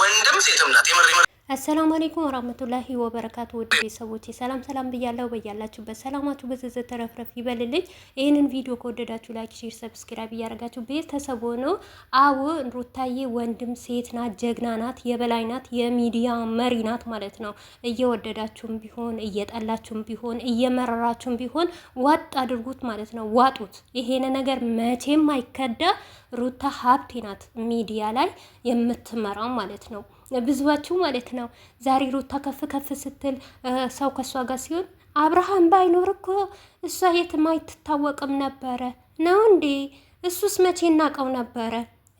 ወንድም ሴትም ናት። የምር አሰላሙ አሌይኩም ወራህመቱላሂ ወበረካቱ። ውድ ቤተሰቦቼ ሰላም ሰላም ብያለሁ። በያላችሁበት ሰላማችሁ በዝዝ ተረፍረፍ ይበልልኝ። ይህንን ቪዲዮ ከወደዳችሁ ላይክ፣ ሼር፣ ሰብስክራይብ እያደረጋችሁ ቤተሰብ ሆነው አዎ፣ ሩታዬ ወንድም ሴት ናት፣ ጀግና ናት፣ የበላይ ናት፣ የሚዲያ መሪ ናት ማለት ነው። እየወደዳችሁም ቢሆን እየጠላችሁም ቢሆን እየመረራችሁም ቢሆን ዋጥ አድርጉት ማለት ነው። ዋጡት። ይሄን ነገር መቼም አይከዳ። ሩታ ሀብቴ ናት፣ ሚዲያ ላይ የምትመራው ማለት ነው። ብዙችሁ ማለት ነው ነው። ዛሬ ሩታ ከፍ ከፍ ስትል ሰው ከእሷ ጋር ሲሆን አብርሃም ባይኖር እኮ እሷ የትም አይትታወቅም ነበረ ነው እንዴ? እሱስ መቼ እናቀው ነበረ?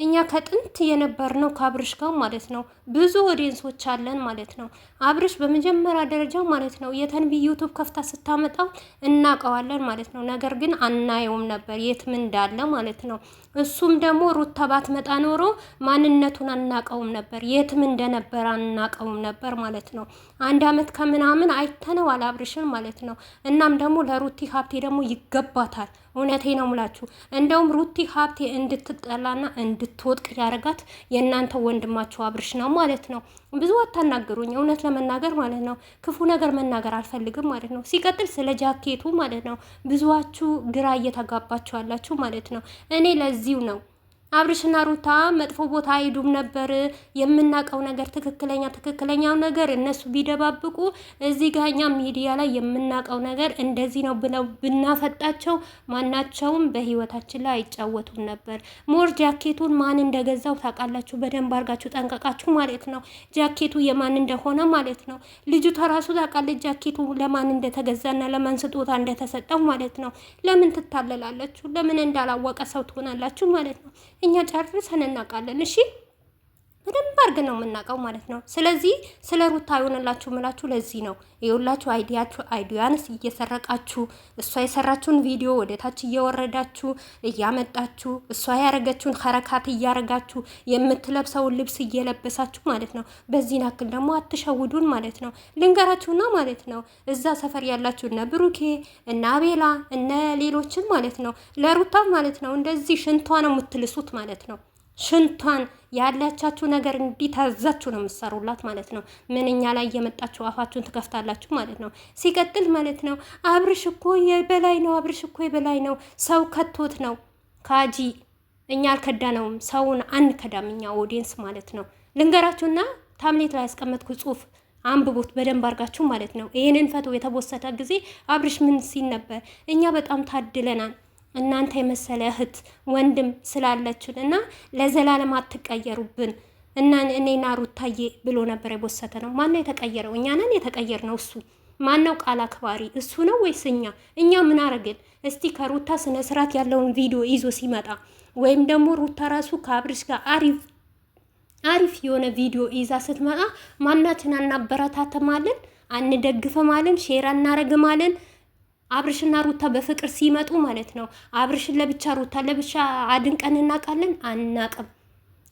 እኛ ከጥንት የነበርነው ከአብርሽ ጋር ማለት ነው ብዙ ኦዲየንሶች አለን ማለት ነው። አብርሽ በመጀመሪያ ደረጃ ማለት ነው የተንቢ ዩቱብ ከፍታ ስታመጣው እናቀዋለን ማለት ነው። ነገር ግን አናየውም ነበር የትም እንዳለ ማለት ነው። እሱም ደግሞ ሩታ ባትመጣ ኖሮ ማንነቱን አናቀውም ነበር፣ የትም እንደነበር አናቀውም ነበር ማለት ነው። አንድ አመት ከምናምን አይተነዋል አብርሽን ማለት ነው። እናም ደግሞ ለሩቲ ሀብቴ ደግሞ ይገባታል እውነቴ ነው ምላችሁ። እንደውም ሩቲ ሀብቴ እንድትጠላና እንድትወጥቅ ያደረጋት የእናንተ ወንድማችሁ አብርሽ ነው ማለት ነው። ብዙ አታናገሩኝ፣ እውነት ለመናገር ማለት ነው። ክፉ ነገር መናገር አልፈልግም ማለት ነው። ሲቀጥል ስለ ጃኬቱ ማለት ነው ብዙዋችሁ ግራ እየተጋባችሁ አላችሁ ማለት ነው። እኔ ለዚሁ ነው አብርሽና ሩታ መጥፎ ቦታ አይሄዱም ነበር። የምናውቀው ነገር ትክክለኛ ትክክለኛው ነገር እነሱ ቢደባብቁ እዚህ ጋር እኛ ሚዲያ ላይ የምናውቀው ነገር እንደዚህ ነው ብለው ብናፈጣቸው ማናቸውም በህይወታችን ላይ አይጫወቱም ነበር። ሞር ጃኬቱን ማን እንደገዛው ታውቃላችሁ በደንብ አድርጋችሁ ጠንቀቃችሁ ማለት ነው። ጃኬቱ የማን እንደሆነ ማለት ነው። ልጅቷ ራሱ ታውቃለች ጃኬቱ ለማን እንደተገዛና ለማን ስጦታ እንደተሰጠው ማለት ነው። ለምን ትታለላላችሁ? ለምን እንዳላወቀ ሰው ትሆናላችሁ ማለት ነው። እኛ ጨርሰን እናውቃለን። እሺ በደንብ አድርገን ነው የምናውቀው ማለት ነው። ስለዚህ ስለ ሩታ አይሆንላችሁ ምላችሁ ለዚህ ነው የሁላችሁ አይዲያችሁ አይዲያንስ እየሰረቃችሁ እሷ የሰራችሁን ቪዲዮ ወደታች እየወረዳችሁ እያመጣችሁ እሷ ያደረገችውን ከረካት እያረጋችሁ የምትለብሰውን ልብስ እየለበሳችሁ ማለት ነው። በዚህ ናክል ደግሞ አትሸውዱን ማለት ነው። ልንገራችሁና ማለት ነው እዛ ሰፈር ያላችሁ እነ ብሩኬ እነ አቤላ እነ ሌሎችን ማለት ነው ለሩታ ማለት ነው እንደዚህ ሽንቷ ነው የምትልሱት ማለት ነው ሽንቷን ያላቻችሁ ነገር እንዲታዛችሁ ነው የምትሰሩላት ማለት ነው። ምን እኛ ላይ እየመጣችሁ አፋችሁን ትከፍታላችሁ ማለት ነው። ሲቀጥል ማለት ነው አብርሽ እኮ የበላይ ነው፣ አብርሽ እኮ የበላይ ነው፣ ሰው ከቶት ነው። ካጂ እኛ አልከዳነውም፣ ሰውን አንከዳም እኛ ኦዲየንስ ማለት ነው። ልንገራችሁና ታምሌት ላይ ያስቀመጥኩ ጽሁፍ አንብቦት በደንብ አርጋችሁ ማለት ነው። ይህንን ፈቶ የተቦሰተ ጊዜ አብርሽ ምን ሲል ነበር? እኛ በጣም ታድለናል እናንተ የመሰለ እህት ወንድም ስላለችን እና ለዘላለም አትቀየሩብን እና እኔና ሩታዬ ብሎ ነበር የቦሰተ ነው። ማነው የተቀየረው? እኛ ነን ነው እሱ ማነው ቃል አክባሪ? እሱ ነው ወይስ እኛ? እኛ ምን አረግን? እስቲ ከሩታ ስነ ስርዓት ያለውን ቪዲዮ ይዞ ሲመጣ ወይም ደግሞ ሩታ ራሱ ከአብርሽ ጋር አሪፍ አሪፍ የሆነ ቪዲዮ ይዛ ስትመጣ ማናችን አናበረታተማለን፣ አንደግፈማለን፣ ሼር አናረግማለን አብርሽና ሩታ በፍቅር ሲመጡ ማለት ነው። አብርሽን ለብቻ ሩታ ለብቻ አድንቀን እናውቃለን አናቅም።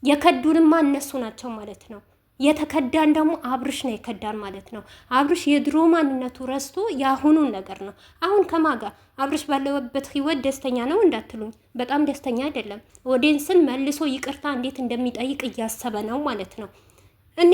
የከዱንማ እነሱ ናቸው ማለት ነው። የተከዳን ደግሞ አብርሽ ነው የከዳን ማለት ነው። አብርሽ የድሮ ማንነቱ ረስቶ የአሁኑን ነገር ነው። አሁን ከማጋ አብርሽ ባለበት ህይወት ደስተኛ ነው እንዳትሉኝ፣ በጣም ደስተኛ አይደለም። ኦዲየንስን መልሶ ይቅርታ እንዴት እንደሚጠይቅ እያሰበ ነው ማለት ነው። እኔ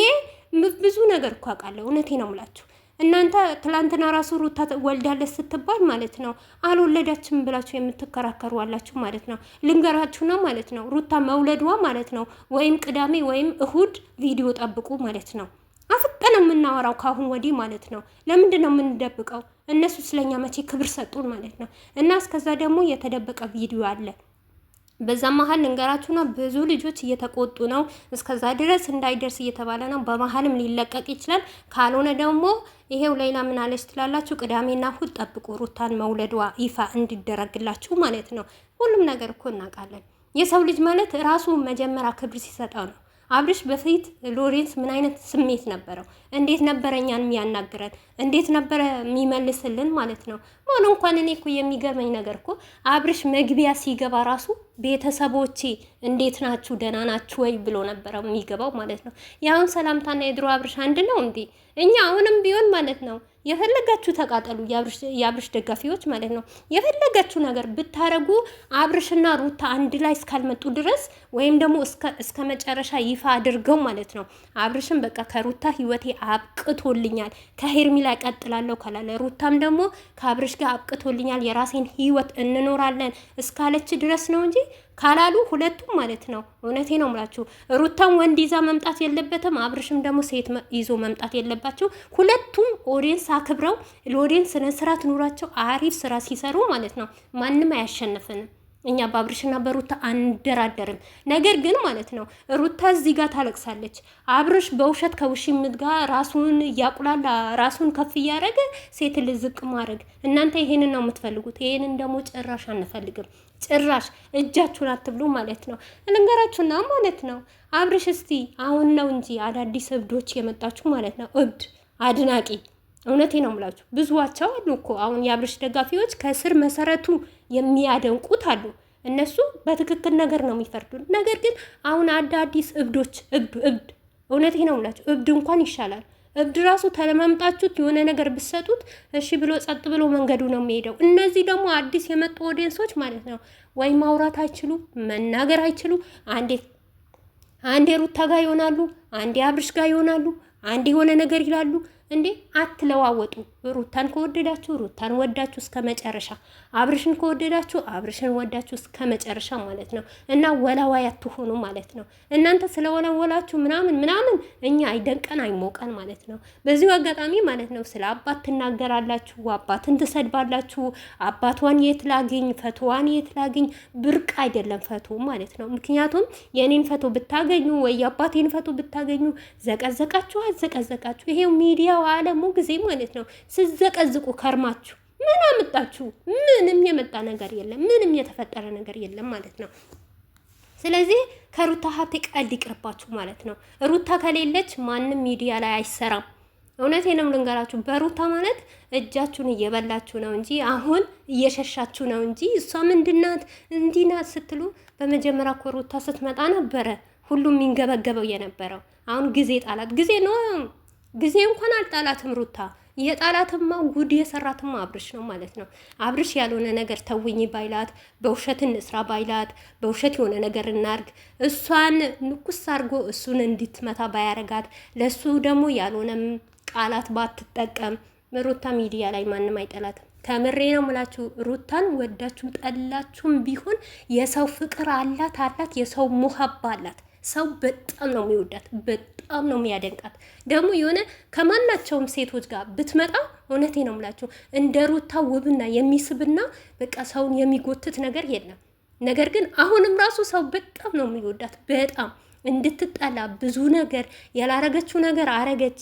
ብዙ ነገር እኮ አውቃለሁ። እውነቴ ነው የምላችሁ እናንተ ትላንትና ራሱ ሩታ ወልዳለች ስትባል ማለት ነው አልወለዳችም ብላችሁ የምትከራከሩ አላችሁ ማለት ነው። ልንገራችሁና ማለት ነው ሩታ መውለዷ ማለት ነው ወይም ቅዳሜ ወይም እሁድ ቪዲዮ ጠብቁ ማለት ነው። አፍጠን የምናወራው ከአሁን ወዲህ ማለት ነው። ለምንድን ነው የምንደብቀው? እነሱ ስለኛ መቼ ክብር ሰጡን ማለት ነው። እና እስከዛ ደግሞ የተደበቀ ቪዲዮ አለ በዛ መሀል ልንገራችሁና ብዙ ልጆች እየተቆጡ ነው። እስከዛ ድረስ እንዳይደርስ እየተባለ ነው። በመሀልም ሊለቀቅ ይችላል። ካልሆነ ደግሞ ይሄው ሌላ ምን አለች ትላላችሁ? ቅዳሜና እሑድ ጠብቁ ሩታን መውለዷ ይፋ እንዲደረግላችሁ ማለት ነው። ሁሉም ነገር እኮ እናውቃለን። የሰው ልጅ ማለት ራሱ መጀመሪያ ክብር ሲሰጠው ነው። አብርሽ በፊት ሎሬንስ ምን አይነት ስሜት ነበረው? እንዴት ነበረ እኛን የሚያናግረን? እንዴት ነበረ የሚመልስልን ማለት ነው። ሆኖ እንኳን እኔ እኮ የሚገርመኝ ነገር እኮ አብርሽ መግቢያ ሲገባ ራሱ ቤተሰቦቼ እንዴት ናችሁ ደህና ናችሁ ወይ ብሎ ነበረ የሚገባው ማለት ነው። የአሁን ሰላምታና የድሮ አብርሽ አንድ ነው እንዴ? እኛ አሁንም ቢሆን ማለት ነው የፈለጋችሁ ተቃጠሉ፣ የአብርሽ ደጋፊዎች ማለት ነው። የፈለጋችሁ ነገር ብታረጉ አብርሽና ሩታ አንድ ላይ እስካልመጡ ድረስ ወይም ደግሞ እስከ መጨረሻ ይፋ አድርገው ማለት ነው አብርሽን በቃ ከሩታ ህይወቴ አብቅቶልኛል፣ ከሄርሚ ላይ ቀጥላለሁ ካላለ ሩታም ደግሞ ከአብርሽ ጋር አብቅቶልኛል፣ የራሴን ህይወት እንኖራለን እስካለች ድረስ ነው እንጂ ካላሉ ሁለቱም ማለት ነው። እውነቴ ነው ምላችሁ ሩታም ወንድ ይዛ መምጣት የለበትም፣ አብርሽም ደግሞ ሴት ይዞ መምጣት የለባቸው። ሁለቱም ኦዲየንስ አክብረው ለኦዲየንስ ስነስርዓት ስርዓት ኑራቸው አሪፍ ስራ ሲሰሩ ማለት ነው ማንም አያሸንፍንም። እኛ በአብርሽና በሩታ አንደራደርም። ነገር ግን ማለት ነው ሩታ እዚህ ጋር ታለቅሳለች። አብርሽ በውሸት ከውሽምት ጋር ራሱን እያቁላላ ራሱን ከፍ እያደረገ ሴት ልዝቅ ማድረግ። እናንተ ይሄንን ነው የምትፈልጉት። ይሄንን ደግሞ ጭራሽ አንፈልግም። ጭራሽ እጃችሁን አትብሉ ማለት ነው። ልንገራችሁና ማለት ነው አብርሽ እስቲ አሁን ነው እንጂ አዳዲስ እብዶች የመጣችሁ ማለት ነው። እብድ አድናቂ እውነቴ ነው የምላችሁ ብዙዋቸው አሉ እኮ አሁን የአብርሽ ደጋፊዎች ከስር መሰረቱ የሚያደንቁት አሉ። እነሱ በትክክል ነገር ነው የሚፈርዱ። ነገር ግን አሁን አዳ አዲስ እብዶች እብድ እብድ እውነት ነው ምላቸው። እብድ እንኳን ይሻላል። እብድ ራሱ ተለማምጣችሁት የሆነ ነገር ብትሰጡት እሺ ብሎ ጸጥ ብሎ መንገዱ ነው የሚሄደው። እነዚህ ደግሞ አዲስ የመጡ ኦዲየንሶች ማለት ነው ወይ ማውራት አይችሉ፣ መናገር አይችሉ። አንዴ አንዴ ሩታ ጋር ይሆናሉ፣ አንዴ አብርሽ ጋር ይሆናሉ፣ አንዴ የሆነ ነገር ይላሉ። እንዴ አትለዋወጡ። ሩታን ከወደዳችሁ ሩታን ወዳችሁ እስከ መጨረሻ፣ አብርሽን ከወደዳችሁ አብርሽን ወዳችሁ እስከ መጨረሻ ማለት ነው። እና ወላዋይ አትሆኑ ማለት ነው። እናንተ ስለወለወላችሁ ምናምን ምናምን እኛ አይደንቀን አይሞቀን ማለት ነው። በዚሁ አጋጣሚ ማለት ነው ስለ አባት ትናገራላችሁ፣ አባትን ትሰድባላችሁ። አባቷን የት ላግኝ፣ ፈቶዋን የት ላግኝ። ብርቅ አይደለም ፈቶ ማለት ነው። ምክንያቱም የኔን ፈቶ ብታገኙ ወይ የአባቴን ፈቶ ብታገኙ ዘቀዘቃችሁ አዘቀዘቃችሁ። ይሄው ሚዲያ በመላው ዓለሙ ጊዜ ማለት ነው ስዘቀዝቁ ከርማችሁ ምን አመጣችሁ? ምንም የመጣ ነገር የለም። ምንም የተፈጠረ ነገር የለም ማለት ነው። ስለዚህ ከሩታ ሀብቴ ቀልድ ይቅርባችሁ ማለት ነው። ሩታ ከሌለች ማንም ሚዲያ ላይ አይሰራም። እውነቴን ነው ልንገራችሁ። በሩታ ማለት እጃችሁን እየበላችሁ ነው እንጂ አሁን እየሸሻችሁ ነው እንጂ እሷ ምንድናት እንዲናት ስትሉ በመጀመሪያ እኮ ሩታ ስትመጣ ነበረ ሁሉም የሚንገበገበው የነበረው። አሁን ጊዜ ጣላት ጊዜ ነው ጊዜ እንኳን አልጣላትም ሩታ። የጣላትማ ጉድ የሰራትማ አብርሽ ነው ማለት ነው። አብርሽ ያልሆነ ነገር ተውኝ ባይላት፣ በውሸት እንስራ ባይላት፣ በውሸት የሆነ ነገር እናርግ እሷን ንኩስ አድርጎ እሱን እንድትመታ ባያረጋት፣ ለሱ ደግሞ ያልሆነም ቃላት ባትጠቀም ሩታ ሚዲያ ላይ ማንም አይጠላትም። ከምሬ ነው ምላችሁ። ሩታን ወዳችሁም ጠላችሁም ቢሆን የሰው ፍቅር አላት አላት፣ የሰው ሙሀባ አላት። ሰው በጣም ነው የሚወዳት፣ በጣም ነው የሚያደንቃት። ደግሞ የሆነ ከማናቸውም ሴቶች ጋር ብትመጣ እውነቴ ነው የምላቸው እንደ ሩታ ውብና የሚስብና በቃ ሰውን የሚጎትት ነገር የለም። ነገር ግን አሁንም ራሱ ሰው በጣም ነው የሚወዳት በጣም እንድትጠላ ብዙ ነገር ያላረገችው ነገር አረገች፣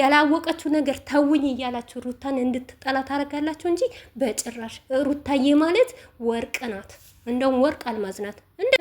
ያላወቀችው ነገር ተውኝ እያላችሁ ሩታን እንድትጠላ ታደርጋላችሁ እንጂ በጭራሽ ሩታዬ ማለት ወርቅ ናት። እንደውም ወርቅ አልማዝ ናት።